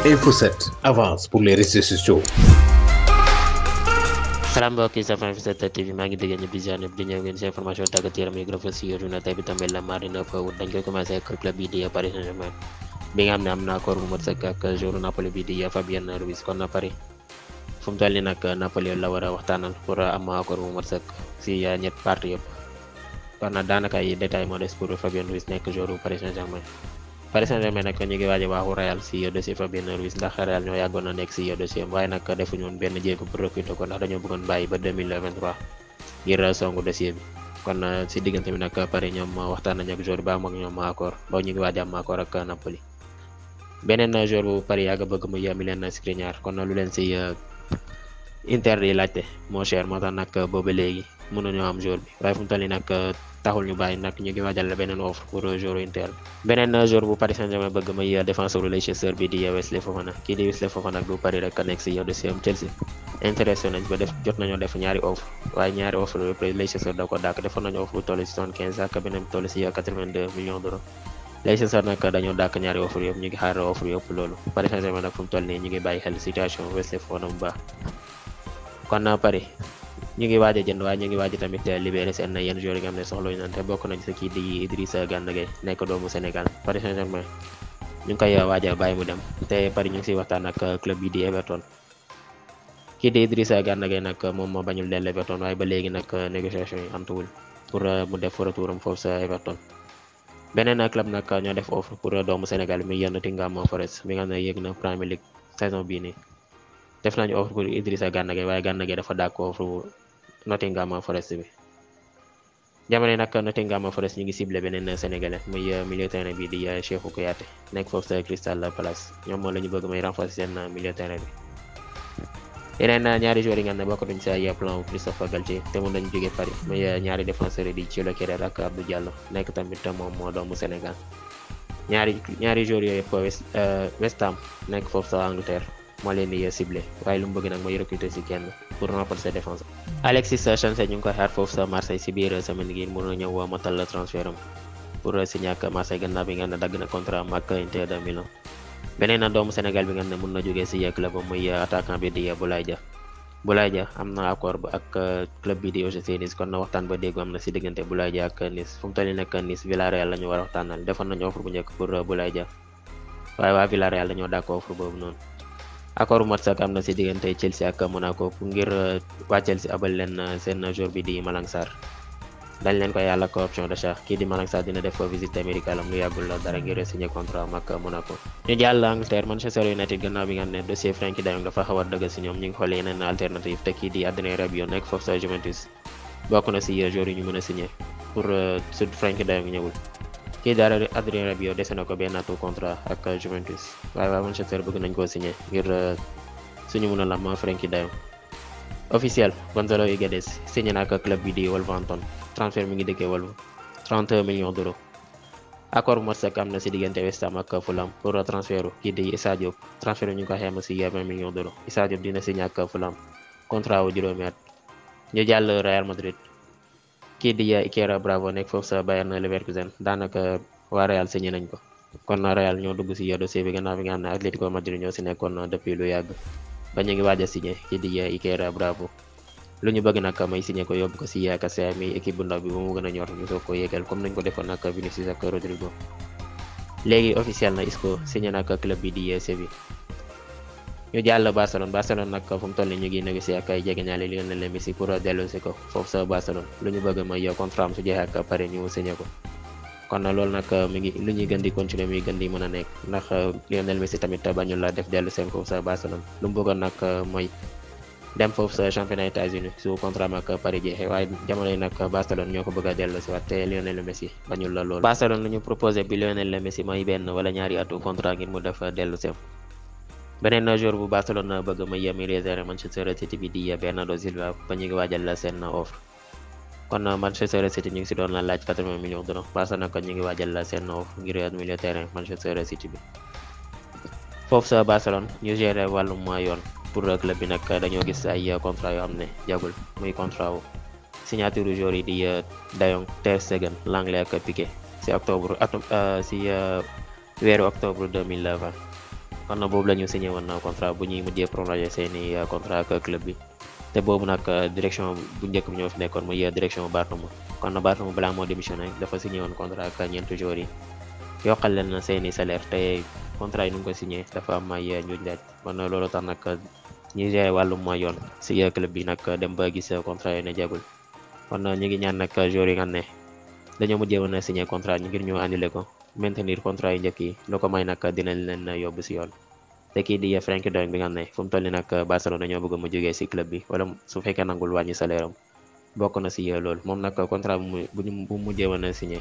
Info7 avance pour les réseaux sociaux. salaam mbokki sa fan fi TV maa ngi déggee ñëpp di ziar ñëpp di ñëw ngeen si information tàggat bi tamit la mardi 9 août dañ koy commencé club bi di Paris Saint-Germain bi nga xam ne am na accord bu mat sëkk ak joueur Napoli bi di Fabien Ruiz kon na Paris fu mu toll nii nag Napoli la war a waxtaanal pour am accord bu mat sëkk si ñett parties yëpp kon daanaka ay détails moo des pour Fabien Ruiz nekk joueur Paris Saint-Germain. Paris Saint-Germain nag ñu ngi waaj a waaxu Real si dossier Fabien ndax Real ñoo yàggoon a nekk si dossier waaye nag defuñu woon benn jéego pour ko ndax dañoo bëggoon bàyyi ba 2023 ngir songu dossier bi. kon euh, si diggante bi nag Paris ñoom euh, waxtaan nañ ak joueur ba am ak ñoom accord ba ñu ngi waaj am accord ak Napoli beneen joueur bu Paris yàgg bëgg muy Milan Skriniar kon lu leen si. Euh, Inter di laajte moo cher moo tax nag euh, léegi mënuñoo am jour bi waaye fu toll nii nag euh, taxul ñu bàyyi nag ñu ngi waajal beneen offre pour euh, jour jour bu Paris Saint-Germain bëgg may défenseur Leicester bi di Wesley Fofana kii di Wesley Fofana nag bu Paris rek nekk si dossier am Chelsea intéressé ba jot nañoo def ñaari offre waaye ñaari offre yëpp Leicester da ko dàkk defoon nañu offre bu toll si ak beneen toll si 82 millions d'euros Leicester kon naa Paris ñu ngi waaj jënd waaye ñu ngi waaj tamit libéré seen yenn joueurs yi nga xam ne soxla nañ te bokk nañ sa kii di Idrissa Gana Gueye nekk doomu Sénégal Paris saint ñu ngi koy waaj a mu dem te Paris ñu ngi siy waxtaan ak club yi di Everton. kii di Idrissa Gana Gueye nag moom moo bañul dellu Everton waaye ba léegi nag négociation yi antuwul pour mu def retouram foofu sa Everton. beneen club nag ñoo def offre pour doomu Sénégal mi yenn Nottingham Forest mi nga xam ne yéeg na Premier League saison bii nii. def nañu offre pour Idrissa Gana Gueye waaye Gana Gueye dafa dàq offre Nottingham Forest bi jamono nag Nottingham Forest ñu ngi ciblé beneen sénégalais muy milieu terrain bi di Cheikhou Kouyaté nekk foofu sa Crystal Palace ñoom moo la ñu bëgg may renforcer seen milieu terrain bi. yeneen ñaari joueurs yi nga xam ne bokkatuñ sa plan Christophe Galtier te mën nañu jóge Paris muy ñaari défenseurs di Thilo Kehrer ak Abdou Diallo nekk tamit moom moo doomu Sénégal ñaari ñaari joueurs yooyu yëpp West nekk foofu sa Angleterre. moo leen di ciblé waaye lu mu bëgg nag mooy recruter si kenn pour renforcer défense Alexis Sanchez ñu ngi koy xaar foofu sa Marseille si biir semaine gi mën na ñëw motal la transfert am pour signé ak Marseille gannaaw bi nga ne dagg na contrat am ak Inter de Milan beneen doomu Sénégal bi nga ne mën na jógee si club am muy attaquant bi di Boulaye Dia Boulaye Dia am na accord ba ak uh, club bi di OGC Nice kon na waxtaan ba déggu na si diggante Boulaye Dia ak Nice fu la war a waxtaanal defoon nañu offre bu njëkk pour uh, Boulaye Dia waaye waa Villarreal dañoo dàq offre noonu. accord Marseille am na si diggante Chelsea ak Monaco ngir uh, waa Chelsea abal leen uh, seen joueur bi di Malang Sarr dañ leen koy yàlla ko option d'achat kii di Malang Sarr dina def ko visite médicale am lu yàggul dara ngir signé contrat am ak Monaco. ñu jàll Angleterre Manchester United gannaaw bi nga ne dossier Frenkie de Jong dafa xaw a dëgg xool yeneen alternative te kii di Adrien Rabiot nekk foofu sa Juventus bokk na si a signé pour uh, su Frenkie kii daal Adrien Rabiot dese na ko benn atu contrat ak Juventus waaye waa Manchester bëgg nañ koo signé ngir euh, suñu mën a lam Frenkie de Jong officiel na ak club bi di Wolverhampton transfert mi ngi dëkkee Wolves 31 millions d'euros accord Morsec am na si diggante West Ham ak Fulham pour transfert kii di Issa Diop ñu ngi ko xayma si 20 millions d'euros Issa dina signé ak Fulham contrat juróomi at ñu jàll Real Madrid kii di Ikera Bravo nekk foofu sa Bayern Leverkusen daanaka waa Real signé nañ ko kon Real ñoo dugg si dossier bi gannaaw bi nga xam ne Atlético Madrid ñoo si nekkoon depuis lu yàgg lu ñu bëgg nag may signé ko yóbbu ko si Cassia mi équipe bu bi ba mu gën a ñor ñu soog ko yéegal comme nañ ko defoon nag Vinicius ak Rodrigo léegi officiel na Isco signé nag club bi di Séville ñu jàll Barcelone Barcelone nag fu mu toll nii ñu ngi négocier ak ay jegeñaale Lionel Messi pour dellusi ko foofu sa Barcelone lu ñu bëgg mooy contrat am su jeexee ak loolu nag euh, mi ngi lu ñuy gën di continuer muy gën di mën a nekk ndax euh, Lionel Messi tamit bañul la def dellu seen foofu sa Barcelone lu mu bëggoon nag euh, mooy dem foofu sa championnat États-Unis su contrat ak Paris jeexee waaye jamono yi nag Barcelone ñoo ko bëgg a dellu si waat te Lionel Messi bañul la loolu. Barcelone lu ñu proposé bi Lionel Messi mooy benn wala ñaari atu contrat ngir mu def dellu beneen joueur bu Barcelone bëgg ma yemi réserve Manchester City bi di Bernardo Silva ba ñu ngi waajal seen offre kon Manchester City ñu ngi si doon la laaj 80 millions de dollars Barça nag ñu ngi waajal seen offre ngir milieu terrain Manchester City bi foofu sa Barcelone ñu géré wàllum yoon pour club bi nag dañoo gis ay contrat yoo xam ne jagul muy contrat wu signature joueur yi di euh, Dayong Ter Stegen Langley ak Piqué si octobre euh, si euh, weeru octobre 2020 kon boobu la ñu signé woon contrat bu ñuy mujjee prolongé seeni euh, contrat ak club bi te boobu nag euh, direction bu njëkk bi ñoo fi nekkoon muy euh, direction Barthélémy kon Barthélémy balaa moo démissionné dafa signé woon contrat ak ñeenti joueurs yi yokkal leen seeni salaire te contrat yi nu ngi ko signé dafa am ma ay ñu laaj kon loolu tax nag ñi géré wàllum mooy yoon si club bi nag dem ba gis contrat yi ne jagul na ñu ngi ñaan nag joueurs yi nga ne dañoo mujjee woon a signé contrat ñi ngir ñu annulé ko maintenir contrat yu njëkk yi lu ko may nag dinañ leen yóbbu si yoon te kii di Frenkie de Jong bi nga xam ne fu mu toll nii nag Barcelona ñoo bëgg mu jógee si club bi wala na si moom nag contrat bu mu bu mujjee na a signé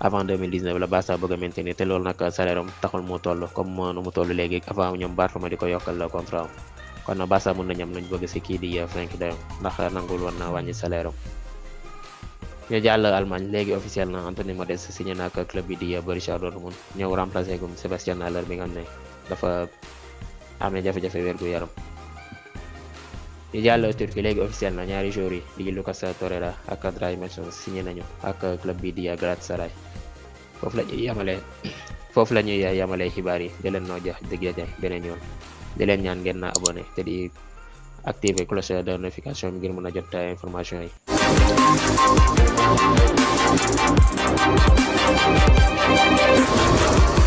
avant 2019 la Barça bëgg a maintenir te loolu nag salaire am taxul mu toll comme nu mu toll léegi avant ñoom Bartomeu di ko yokkal contrat am kon Barça mën nañu am luñ bëgg si kii di Frenkie de Jong ndax nangul woon na wàññi salaire ñu jàll Allemagne léegi officiellement Anthony Modeste signé na ak club bi di Borussia Dortmund ñëw remplacé gum Sébastien Haller bi nga xam ne dafa am na jafe-jafe wér-gu-yaram. ñu jàll Turquie léegi officiel na ñaari joueurs yi di Lucas Torreira ak Draghici signé nañu ak club bi di Galatasaray foofu la ñuy yamale foofu la ñuy yamale xibaar yi di leen noo jox dig daje beneen yoon di leen ñaan ngeen na abonné te di activer cloche de notification bi ngir mën a jot information yi. Thank you.